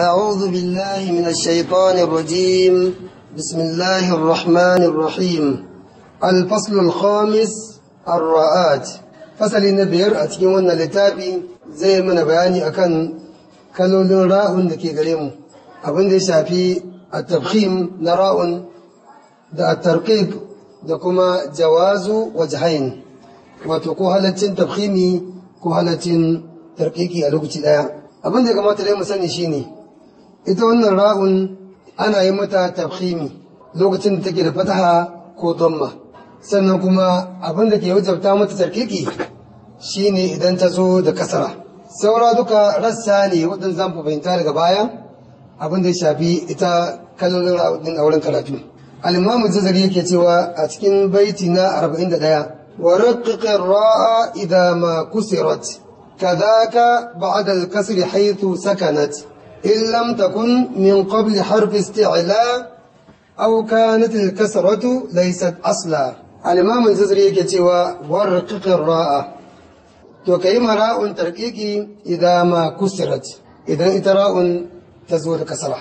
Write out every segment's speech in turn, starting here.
أعوذ بالله من الشيطان الرجيم بسم الله الرحمن الرحيم الفصل الخامس الرآت فصل نبير أتكين وانا لتابي زي ما نبياني أكن كانوا راء دكي قريم أبن دي شافي التبخيم نراء دا الترقيب دا كما جواز وجهين وتقو هلتين تبخيمي ko halaccin tarkiki a lokaci daya abin da ya kamata ita wannan ra'un ana yi mata tafhimi lokacin da take da fataha ko damma sannan kuma abin da ke wajabta mata tarkiki shine idan ta zo da kasara saura duka rassa ne waɗanda zan fahimta daga baya abin da ya shafi ita kalolin ra'udin auren karatu alimamu jazari yake cewa a cikin baiti na 41 wa raqiqir ra'a idza ma kusirat kadhaka ba'da kasri haitu sakanat إن لم تكن من قبل حرف استعلاء أو كانت الكسرة ليست أصلا الإمام الجزري كتوى ورقق الراء وكيما راء تركيك إذا ما كسرت إذا إتراء تزور كسرة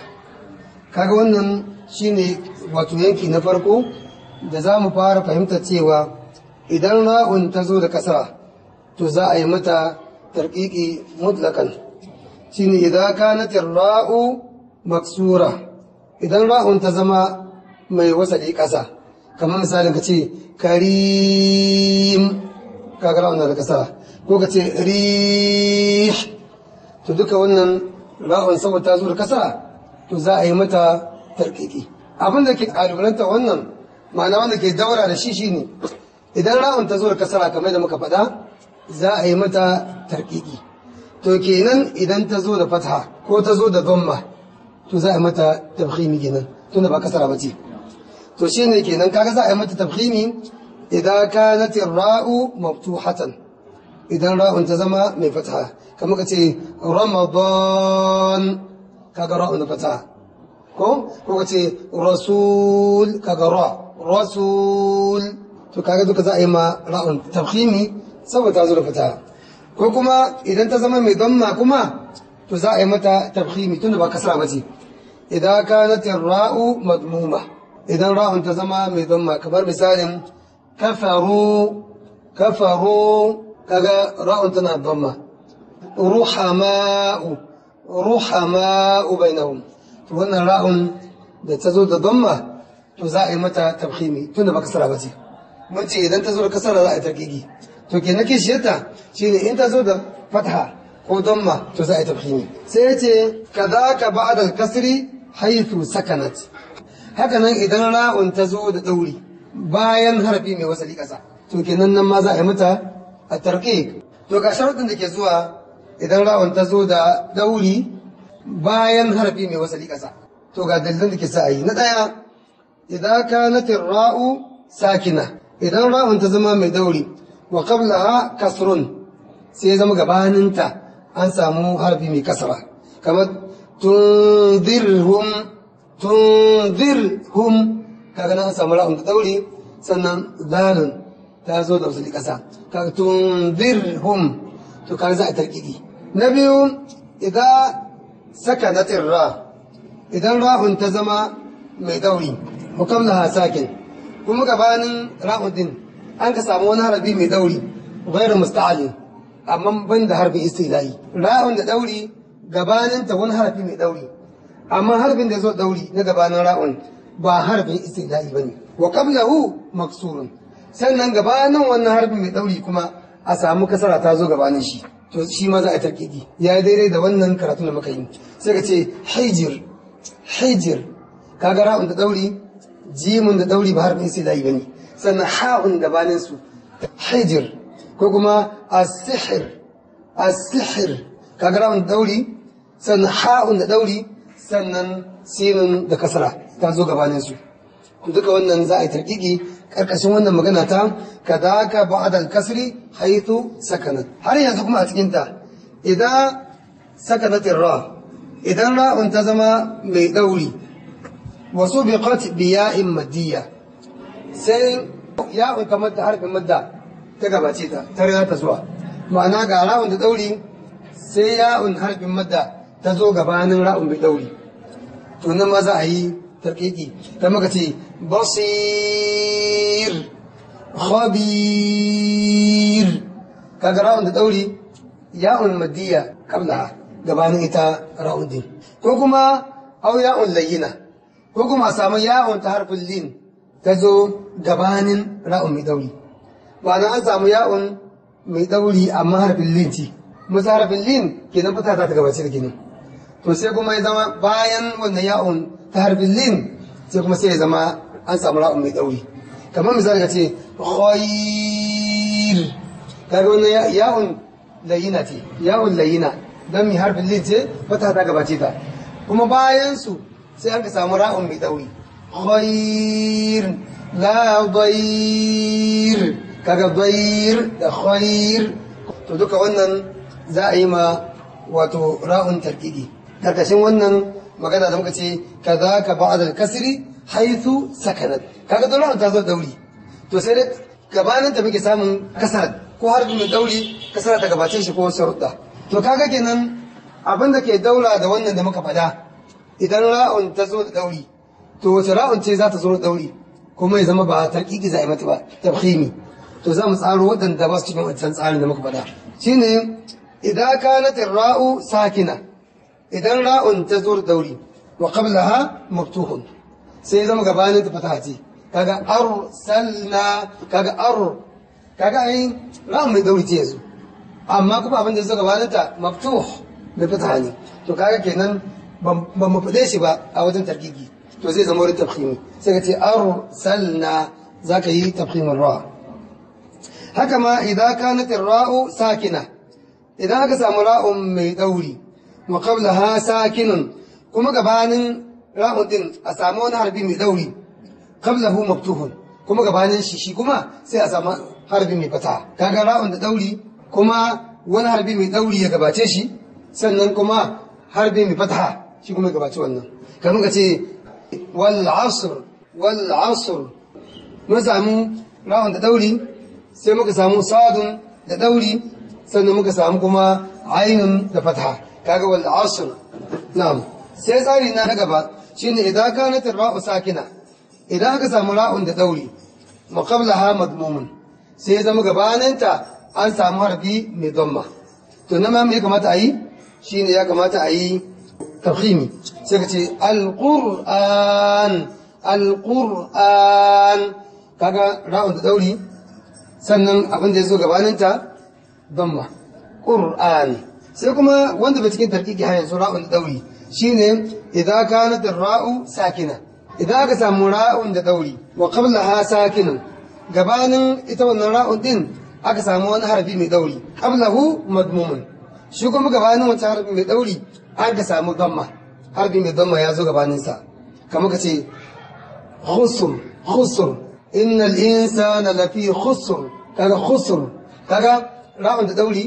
كاغونا شيني وتوينكي نفركو da بار فهمت fara إذا cewa idan كسرة تزاعي متى تركيك kasara shine idan kanatir ra'u maksura idan ra'un ta zama mai wasali ƙasa kamar misalin ka ce karim kaga ra'un da kasara ko ka ce rih to duka wannan ra'un saboda ta zo da to za a yi mata tarkiki abin da ke kalubalanta wannan ma'ana wanda ke daura da shi shine idan ra'un ta zo da kasara kamar da muka faɗa za a yi mata tarkiki to kenan idan ta zo da fatha ko ta zo da dhamma to za a mata tafkhimi kenan tunda ba kasara bace to shine kenan kaga za a yi mata tafkhimi idan kanat ra'u maftuhatan idan ra'un ta zama mai fatha kamar kace ce ramadan kaga ra'un da fatha ko ko kace rasul kaga ra rasul to kaga duka za a yi ma ra'un tafkhimi saboda ta zo da fatha ko kuma idan ta zama mai damma kuma to za a yi mata tun tunda ba kasra ba ce idan ka ta ra'u madmuma idan ra'un ta zama mai damma kamar misalin kafaru kafaru kaga ra'un tana damma ruhama'u ruhama'u bainahum to wannan ra'un da ta zo da damma to za a yi mata tun tunda ba kasra ba ce mun ce idan ta zo da kasra za a yi tarkiki to ke na kishiyarta shi ne in ta zo da fatha ko damma to za a yi tafhimi sai ya ce ka za ka ba da kasri haithu sakanat haka nan idan ra'un ta zo da ɗauri bayan harfi mai wasali ƙasa to kenan nan ma za a yi mata a tarƙi to ga sharuɗin da ke zuwa idan ra'un ta zo da ɗauri bayan harfi mai wasali ƙasa to ga dalilan da ke sa a yi na ɗaya idan ka natin ra'u sakina idan ra'un ta zama mai ɗauri wa qablaha kasrun sai ya zama gabaninta an samu harfi mai kasra kamar tunzirhum tunzirhum kaga an samu ra'un da dauri sannan zalun ta zo da usuli kasa kaga tunzirhum to kaga za a tarkiki na biyu idan saka na tsirra idan ra'un ta zama mai dauri hukamlaha sakin kuma gabanin ra'un din an ka samu wani harafi mai dauri ghairu musta'ali amma ban da harfin istilahi ra'un da dauri gabanin ta wani harafi mai dauri amma harbin da zo dauri na gabanin ra'un ba harfin istilahi bane wa qablahu maksurun sannan gabanin wannan harfin mai dauri kuma a samu kasara ta zo gabanin shi to shi ma za a tarkidi ya daidai da wannan karatu da muka yi sai ka ce hijir hijir kaga ra'un da dauri jimun da dauri ba harfin istilahi bane sannan ha'un gabanin su hijir ko kuma asihir sihr ka dauri sannan ha'un da dauri sannan sinin da kasara ta zo gabanin su duka wannan za a yi tarkiki karkashin wannan magana ta kadaka ba'da kasri haythu sakanat har yanzu kuma a cikin ta idan sakanat ra idan ra'un ta zama mai dauri wasu biya'in madiyya sai ya fi kamar da madda ta gabace ta ta za ta zuwa ma'ana ga ra'un da dauri sai ya ya'un harfin madda ta zo gabanin ra'un bi dauri to nan ma za a yi tarkiki ta maka ce basir khabir kaga ra'un da dauri ya'un madiya kabla gabanin ita ra'un din ko kuma au ya'un layyina ko kuma samu ya'un ta harfin lin ta zo gabanin ra'un mai ɗauri na an samu ya'un mai ɗauri amma harfin lin ci musa harfin lin ke nan fita ta gabace da gini to sai kuma ya zama bayan wannan ya'un ta harfin lin sai kuma sai ya zama an samu ra'un mai ɗauri kamar misali ka ce ka ga wannan ya'un layina ce ya'un layina don mi harfin lin ce fata ta gabace ta kuma bayan su sai aka samu ra'un mai ɗauri khoyir لا ضير kaga bayir da khair to duka wannan za a yi ma wato ra'un tarkidi karkashin wannan magana da muka ce kaza ka ba'dal kasri haythu sakanat kaga dole ta zo dauri to sai dai gabanin ta muke samun kasar ko har mai dauri ta gabace shi ko to kaga kenan abin da ke daula da wannan da muka faɗa idan ra'un ta zo da dauri to wace ce za kuma ya zama ba tarkiki za a yi mata ba tabhimi to za mu tsaro waɗanda ba su cikin wancan tsarin da muka faɗa shine idan ka kanat ra'u sakina idan ra'un ta zur dauri wa ha maftuhun sai zama gabanin ta fata ce kaga arsalna kaga ar kaga ai ra'un mai dauri ce yanzu amma kuma abin da zai gabanin ta maftuh mai fata ne to kaga kenan ban mu faɗe shi ba a wajen tarkiki to zai zama wurin tafhimi sai ka ce arsalna zaka yi tafhimin ra haka ma idan ka kanat ra'u sakina idan aka samu ra'un mai dauri wa ha sakinun kuma gabanin ra'un din a samu wani harbi mai dauri qablahu maftuhun kuma gabanin shi shi kuma sai a samu harbi mai fata kaga ra'un da dauri kuma wani harbi mai dauri ya gabace shi sannan kuma harbi mai fata shi kuma ya gabace wannan kamar ka ce والعصر والعصر mun samu ra'un da dauri sai muka samu sadun da dauri sannan muka samu kuma ainun da fatha kaga wal asr na'am sai tsari na gaba shine idan kana tarra'u sakina idan aka samu ra'un da dauri wa qablaha madmumun sai zama gabaninta an samu harbi mai damma to nan ma me kamata a yi shine ya kamata a yi tafhimi sai ka ce alƙur'an kaga ra'un da sannan abin da ya zo gabaninta damma ƙur'an sai kuma wanda bai cikin tarkiki har yanzu ra'un da ɗauri shine idan kanat ra'u sakina idan aka samu ra'un da ɗauri wa qablaha sakinan ita wannan ra'un din aka samu wani harafi mai ɗauri qablahu madmumun shi kuma gabanin wancan harbi mai ɗauri an ka samu damma harbi mai damma ya zo gabaninsa kamar ka ce khusur khusur innal insana lafi husur kaga husur kaga ra'un da ɗauri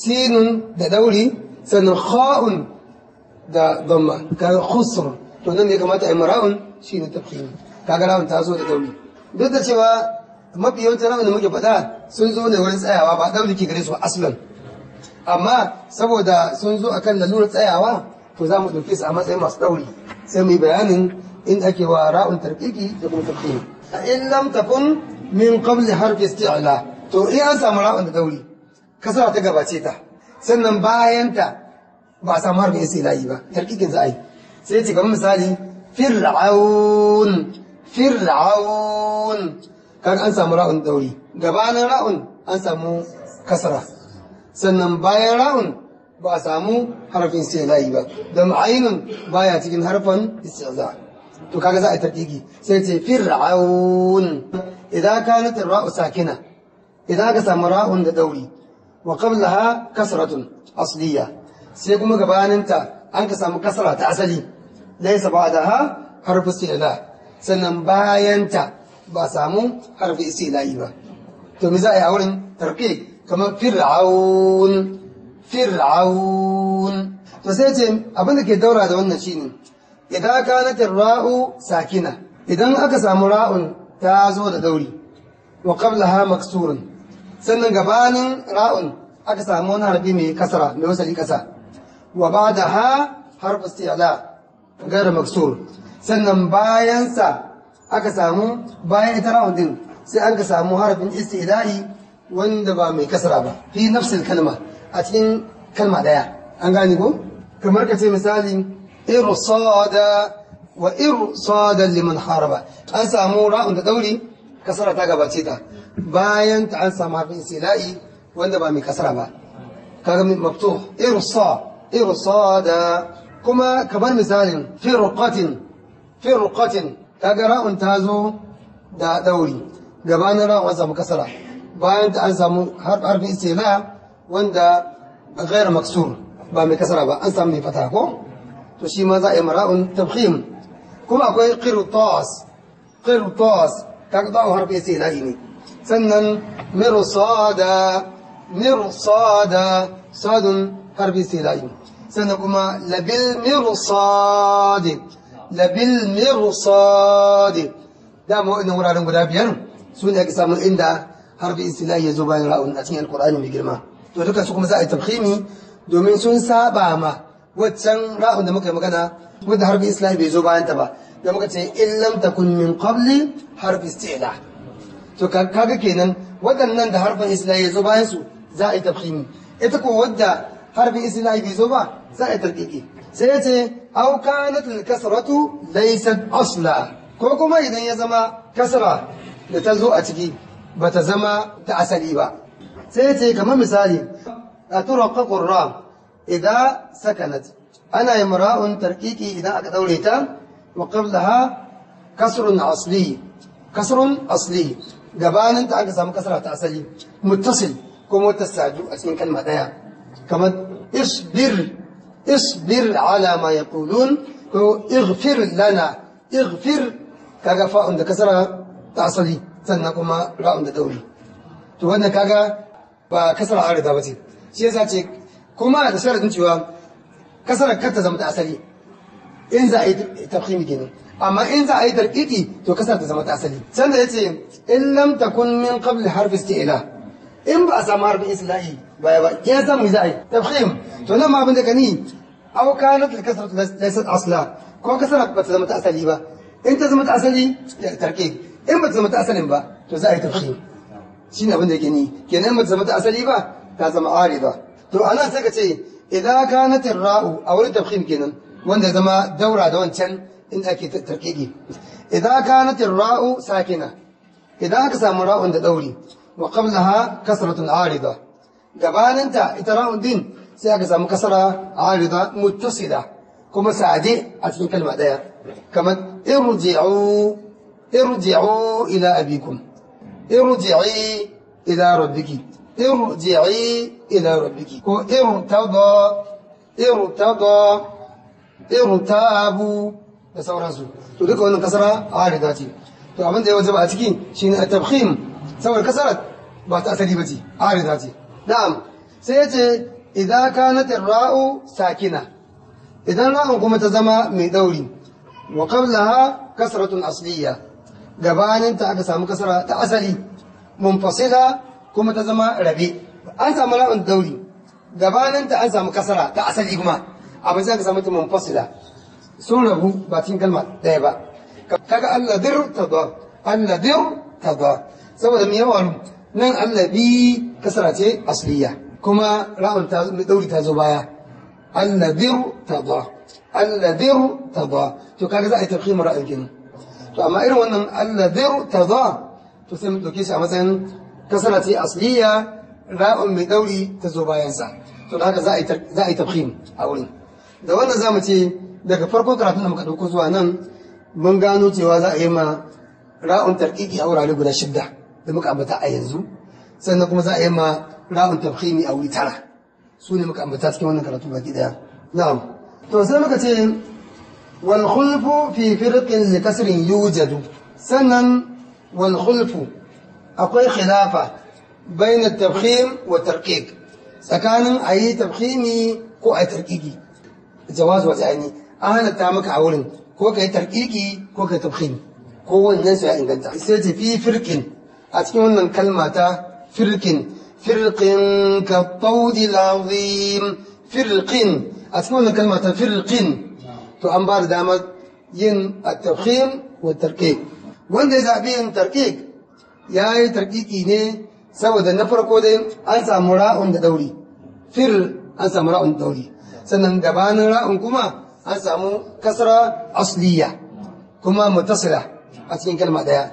sinun da ɗauri sannan kha'un da damma kaga husur to nan ne kamata a yi mara'un shi ne tafkiri kaga ra'un ta zo da ɗauri duk da cewa mafi yawancin ra'un da muke faɗa sun zo ne wurin tsayawa ba ɗauri ke gare su aslan amma saboda sun zo akan lalura tsayawa to za mu ɗauke su a matsayin masu ɗauri sai mu yi bayanin in ake wa ra'un tarkiki da kuma A in lam takun min qabli harfi isti'la to in an samu ra'un da ɗauri kasara ta gabace ta sannan bayan ta ba a samu harfin isti'la ba tarkikin za a yi sai ce kamar misali fir'aun fir'aun kaga an samu ra'un ɗauri gabanin ra'un an samu kasara sannan bayan ra'un ba a samu harafin isti'za'i ba don ainun baya cikin harfan isti'za to kaga za a tartigi sai ce fir'aun idan kanat ra'u sakina idan ka samu ra'un da dauri wa qablaha kasratun asliya sai kuma gabaninta an ka samu kasra ta asali laysa ba'daha harfu isti'za sannan bayanta ba samu harfi istila'i ba to mi za a yi a wurin tarqiq kamar fir'aun fir'aun to sai ce abin da ke daura da wannan shine idan kanatin ra'u sakina idan aka samu ra'un ta zo da dauri wa qablaha maksurun sannan gabanin ra'un aka samu wani harfi mai kasara mai wasali kasa wa ba'daha harfu isti'la غير مكسور sannan bayansa aka samu bayan ita ra'un din sai an ka samu harafin isti'la'i wanda ba mai kasara ba fi nafsin kalma a cikin kalma daya an gane ko kamar ka ce misali irsada wa irsada liman haraba an samu ra'un da dauri kasara ta gabace ta bayan ta an samu harfin sila'i wanda ba mai kasara ba kaga min irsa irsada kuma kamar misalin firqatin firqatin kaga ra'un ta zo da dauri gabanin ra'un an samu kasara bayan ta an samu harfin istila wanda غير مكسور ba mai kasara ba an samu mai fata ko to shi ma za a yi mara'un tabkhim kuma akwai qirtas qirtas kaga da harfi sai yi ne sannan mirsada mirsada sadun harfi sai yi sannan kuma labil mirsad labil mirsad da mu wuraren guda biyar su ne ake samun inda harfi istilahi ya zo bayan ra'un a cikin alkur'ani mai girma to duka su kuma za a yi domin sun saba ma waccan ra'un da muka yi magana wadda harfi istilahi bai zo bayan ta ba da muka ce in lam takun min qabli harfi istila to kaga kenan waɗannan da harfin istilahi ya zo bayan su za a yi ita ko wadda harfin istilahi bai zo ba za a yi tarqiqi sai ya ce aw kanat al kasratu laysat asla ko kuma idan ya zama kasra da ta zo a ciki ba ta zama ta asali ba sai ce kamar misali a turaka ƙurra idan sakanat ana yi mura'un tarkiki idan aka ɗaure ta wa qablaha kasrun asli kasrun asli gabanin ta aka samu kasara ta asali muttasil ko mutasaju a cikin kalma daya kamar isbir isbir ala ma yaqulun ko ighfir lana ighfir kaga fa'un da kasara ta asali sannan kuma ra'un da dauri to wannan kaga ba kasar arida ba ce shi yasa ce kuma da sharadin cewa kasar karta zama ta asali in za a yi tafhimi kenan amma in za a yi tarkiki to kasar ta zama ta asali sanda ya ce in lam takun min qabl harfi isti'la in ba a samu harfin islahi ba ba ya samu za a yi tafhim to nan ma abin da kani aw kanat al kasratu laysat asla ko kasar ba ta zama ta asali ba in ta zama ta asali tarkiki in ba ta zama ta asalin ba to za a yi tafsir shine abin da yake ni kenan ba ta zama ta asali ba ta zama ba. to ana sai ka ce idan na ra'u a wurin tafkhim kenan wanda ya zama daura da wancan in ake tarkiki idan na ra'u sakina idan aka samu ra'un da dauri wa qablaha kasratun arida gabaninta ita ra'un din sai aka samu kasara arida muttasila kuma sa'ade a cikin kalma daya kamar irji'u ارجعوا إلى أبيكم ارجعي إلى ربك ارجعي إلى ربك ارتضى ارتضى ارتابوا da sauransu to duka wannan kasara arida ce to abin da ya wajaba a ciki shine at-tabkhim saboda kasarar ba ta asali bace arida ce na'am sai yace idza kanat ar-ra'u sakina idan ra'un kuma ta zama mai dauri wa qablaha kasratun asliya gabaninta aka samu kasara ta asali munfasila kuma ta zama rabe an samu ra'un dauri gabaninta an samu kasara ta asali kuma abin sai aka samu ta munfasila sun rabu ba cikin kalma ɗaya ba kaga Allah dir ta zuwa Allah dir ta zuwa saboda mai yawan nan Allah bi kasara ce asliya kuma ra'un ta dauri ta zo baya Allah dir ta zuwa Allah dir ta zuwa to kaga za a yi tafkimin ra'un kenan to amma irin wannan alladhir tadha to sai mun dauke shi a matsayin kasara ce asliya ra'un mai dauri ta zo bayan sa to da haka za a yi za tafkhim a wurin da wannan za mu ce daga farkon karatun da muka dauko zuwa nan mun gano cewa za a yi ma ra'un tarqiqi a wurare guda shidda da muka ambata a yanzu sannan kuma za a yi ma ra'un tafkhimi a wuri tara su ne muka ambata cikin wannan karatu baki daya na'am to sai muka ce والخلف في فرق لكسر يوجد سنن والخلف أقوي خلافة بين التبخيم والترقيق سكان أي تبخيمي كو أي ترقيقي جواز وزعني أهل التامك عولن كو كي ترقيقي كو كي تبخيم كو الناس قلت سيتي في فرق أتكلم كلمة فرق فرق كالطود العظيم فرق أتكلم كلمة فرق to an ba da damar yin a tafkhim wa tarkik wanda ya zaɓi yin tarkik ya yi tarkiki ne saboda na farko dai an samu ra'un da ɗauri fir an samu ra'un da ɗauri sannan gabanin ra'un kuma an samu kasra asliya kuma mutasila a cikin kalma ɗaya.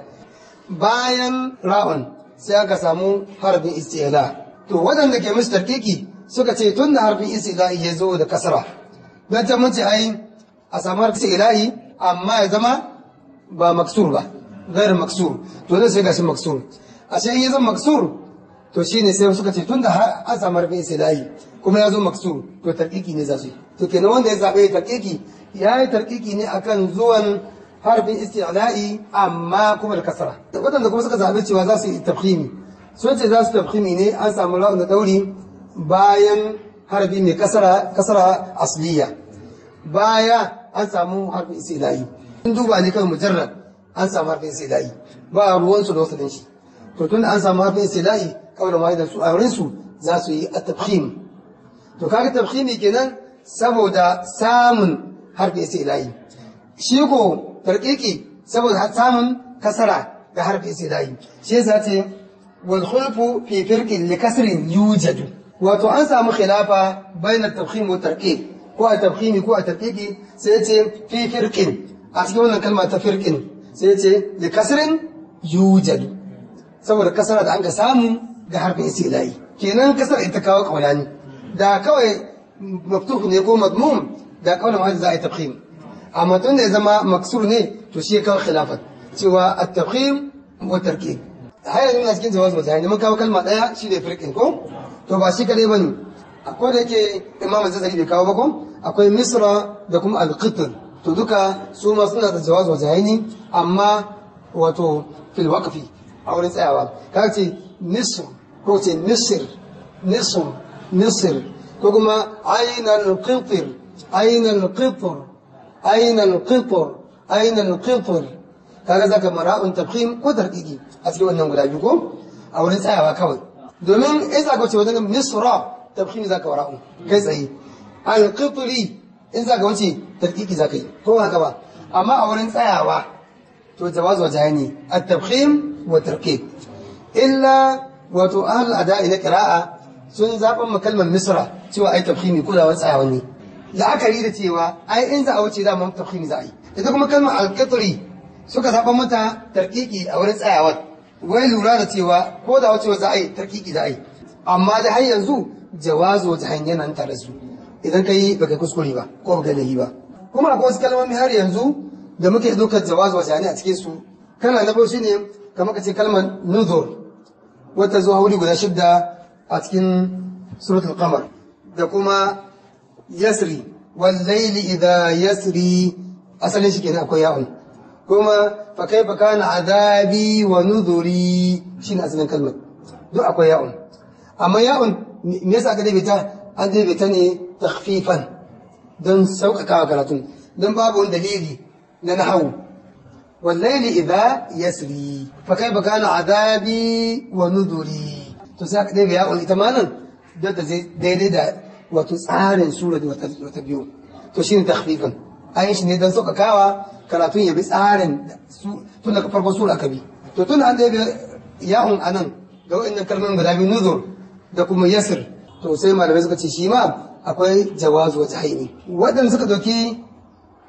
bayan ra'un sai aka samu harbin istila to waɗanda ke musu tarkiki suka ce tun da harfin istila ya zo da kasra don ta mace a samu harfi ilahi amma ya zama ba maksur ba gairar maksur to zai sai gashi maksur a sai in ya zama maksur to shi ne sai suka ce tun da har an samu harfi ilahi kuma ya zo maksur to tarkiki ne za su yi to kenan wanda ya zaɓe ya tarkiki ya yi tarkiki ne akan zuwan harfin isti'la'i amma kuma da kasara waɗanda kuma suka zaɓe cewa za su yi tafhimi sun ce za su tafhimi ne an samu ra'un da ɗauri bayan harfi mai kasara kasara baya an samu harfin istilahi in duba ne kan mujarrad an samu harfin istilahi ba a ruwansu da wasu shi to tun an samu harfin istilahi kawai da su a wurin su za su yi a tafhim to kaga tafhimi kenan saboda samun harfin istilahi shi ko tarkiki saboda samun kasara ga harfin istilahi shi yasa ce wal khulfu fi firqin li kasrin yujadu wato an samu khilafa bainat tafhim wa tarkiki ko a tafhimi ko a tafiki sai ya ce fi a cikin wannan kalma ta firqin sai ya ce li kasrin yujadu saboda kasara da an ka samu ga harfin istila'i kenan kasar ita kawo ne da kawai maftuh ne ko madmum da kaulin wanda za a yi tafhim amma tun da ya zama maksur ne to shi ya kawo khilafat cewa at-tafhim wa tarkib hayar yana cikin jawaz mazahir mun kawo kalma daya shi ne firkin ko to ba shi kadai bane ko da yake imam zazzali bai kawo ba ko akwai misra da kuma alkitin to duka su ma suna da jawaz aini amma wato filwakafi a wurin tsayawa ka ce nisr ko ce nisir nisr nisir ko kuma ainal qitir ainal qitir ainal qitir ainal qitir kaga zaka mara'un tabkhim ko tarqiqi a cikin wannan guda biyu ko a wurin tsayawa kawai domin ai zaka ce wajen misra tabkhim zaka wara'u kai tsaye alƙifiri in za ka wuce tafkiki za ka yi ko haka ba amma a wurin tsayawa to jawaz wajen ne a tafhim wa tarkib illa wato ahal ada'i na qira'a sun zaɓan makalmar misra cewa ai ko da kulawar tsayawa ne la'akari da cewa ai in za a wuce za mu tafhimi za a yi ita kuma kalmar alƙitri suka zaɓa mata tarkiki a wurin tsayawa wai lura da cewa ko da wucewa za a yi tarkiki za a yi amma da har yanzu jawazo ta hanyar nan tare su idan ka yi baka kuskure ba ko baka lahi ba kuma akwai wasu kalmomi har yanzu da muke dukkan jawazu wa a cikin su kana na shi ne kamar ka ce kalmar nuzur wata zuwa wuri guda shidda a cikin suratul qamar da kuma yasri wal layli idha yasri asalin shi kenan akwai ya'un kuma fa kaifa kana adabi wa nuzuri shine asalin kalmar duk akwai ya'un amma ya'un me yasa aka dabe ta أن تبتني تخفيفا دون سوءك عقلة دون باب دليلي لنحو والليل إذا يسري فكيف كان عذابي ونذري تساك دي بياء الإتمانا دون تزيد دا وتسعار سورة وتبيو تشين تخفيفا أي شيء دون سوءك كاوا كراتون يبسعار تنك فرقصور أكبي تتون عن دي بياء أنا لو إن كرمان برابي نذر دكم يسر to sai malamai suka ce shi ma akwai jawazu wata haini waɗanda suka ɗauki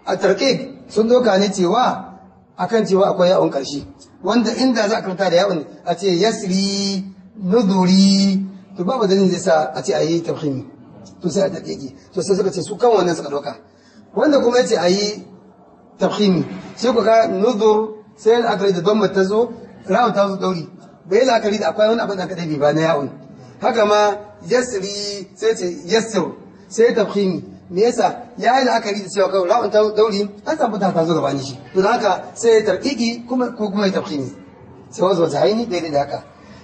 a tarkik sun doka ne cewa akan cewa akwai yawon ƙarshe wanda inda za a karanta da yawon a ce yasri nuduri to babu dalilin zai sa a ce a yi tafhimi to sai a tarkiki to sai suka ce su kan wannan suka doka wanda kuma ya ce a yi tafhimi sai ku ka nudur sai la'akari da don matazo zo ra'un ta zo ɗauri bai la'akari da akwai wani abin da aka ɗabi ba na yawon haka ma yasri sai ce yassau sai tafhimi me yasa ya yi aka da cewa kawai ra'un ta dauri an samu ta gaba ni shi to haka sai ya tarkiki kuma ko kuma ya tafhimi sai wazo jaini daidai da haka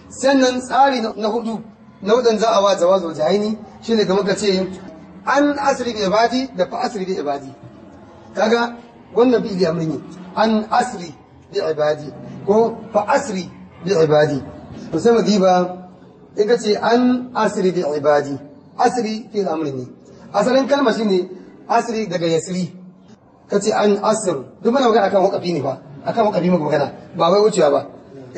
sannan tsari na hudu na hudun za a wa jawazo jaini shine da muka ce an asri bi ibadi da fa asri bi ibadi kaga wannan bi da amrin an asri bi ibadi ko fa asri bi ibadi to sai mu diba in ka ce an asiri fi ibadi asiri fi al'amri ne asalin kalma ne asiri daga yasiri ka ce an asir duk mana magana akan wakafi ne ba a kan wakafi muka magana ba wai wucewa ba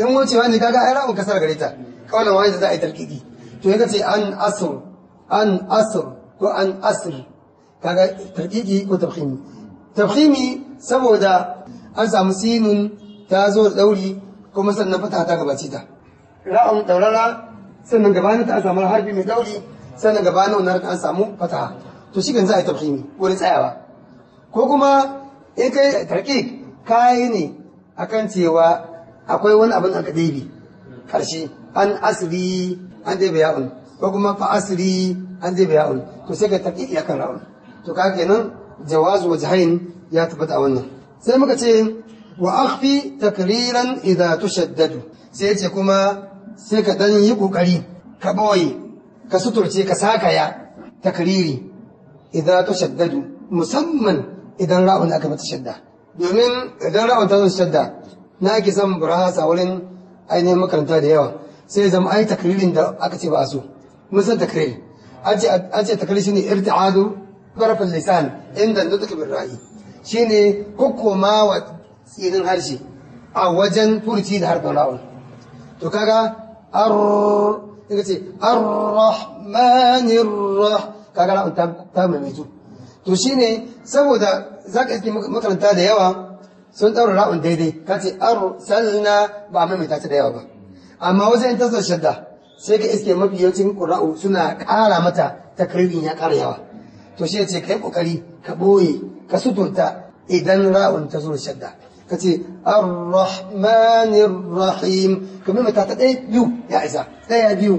in wucewa ne kaga ai ra'un kasar gare ta kawai wani da za a yi tarkiki to in ka ce an asir an asir ko an asir kaga tarkiki ko tafhimi tafhimi saboda an samu sinun ta zo da dauri kuma sannan fata ta gabace ta ra'un daurara sannan gabanin ta an samu harfi mai dauri sannan gabanin wannan an samu fataha to shi za a yi tafhimi wani tsayawa ko kuma in kai tarki kayi ne akan cewa akwai wani abin ka ɗebe karshe an asiri an ɗebe ya'un ko kuma fa asiri an ɗebe ya'un to sai ka tarki ya kan ra'un to ka kenan jawazu wajhain ya tabbata a wannan sai muka ce wa akhfi takriran idza tushaddadu sai ce kuma sai ka dan yi kokari ka boye ka suturce ka ya takriri idan ta shaddadu musamman idan ra'un aka mata shadda domin idan ra'un ta zo shadda na ki zan burhasa wurin ainihin makaranta da yawa sai zama ai takririn da aka ce ba a so mun san takriri an ce takriri shine irti'adu garfin lisan inda take bin ra'ayi shine kokoma wa tsirin harshe a wajen furuci da harfin ra'un to kaga ar in rahmanir kaga ga ta ta mai to shine saboda zaka iske makaranta da yawa sun daura ra'un daidai ka ce arsalna ba mai ta da yawa ba amma wajen ta zo shadda sai ka iske mafi yawancin qura'u suna ƙara mata takririn ya ƙara yawa to shi ya ka kai kokari ka boye ka suturta idan eh, ra'un ta zo shadda ka ce ar-rahmanir rahim ka maimaita ta ɗaya biyu ya isa ɗaya biyu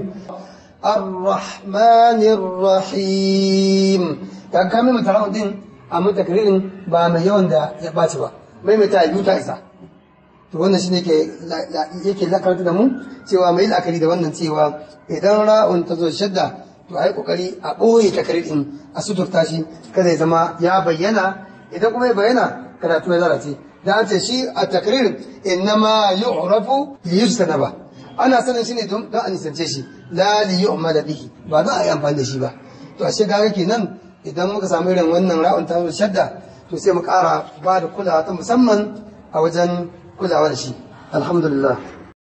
ar-rahmanir rahim ka ka maimaita rahun din amma takririn ba mai yawan da ya ɓaci ba maimaita biyu ta isa to wannan shine ke yake lakarta da mu cewa mai la'akari da wannan cewa idan ra'un ta zo shadda to ai kokari a ɓoye takarir din a suturta shi kada ya zama ya bayyana idan kuma ya bayyana karatu ya lalace da an ce shi a takrir innama yu'rafu bi yujtanaba ana sanin shi ne don a nisance shi la li yu'mala bihi ba za a yi amfani da shi ba to ashe gaga kenan idan muka samu irin wannan ra'un ta shadda to sai mu kara ba da kulawa ta musamman a wajen kulawa da shi alhamdulillah